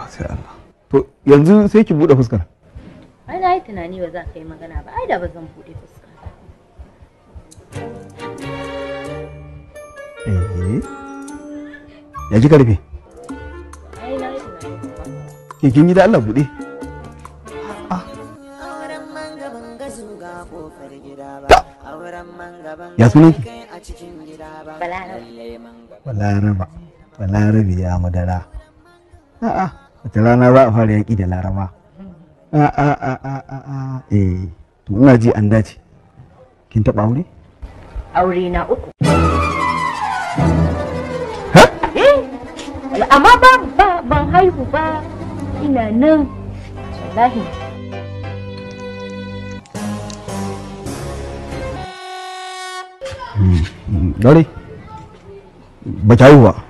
ka sai Allah to yanzu sai ki bude fuskar ai na yi tunani ba za ka yi magana ba ai da ba zan bude fuskar. eh ya ji karfe ai na yi tunani kin yi da Allah bude ya sunan ki balaraba balaraba ya madara a'a wata rana za a fara yaƙi da laraba a a a a a a eh to ina ji an dace kin taɓa aure aure na uku ha eh, amma ba ba ban haihu ba ina nan wallahi hmm, Dore, ba ta haihu ba.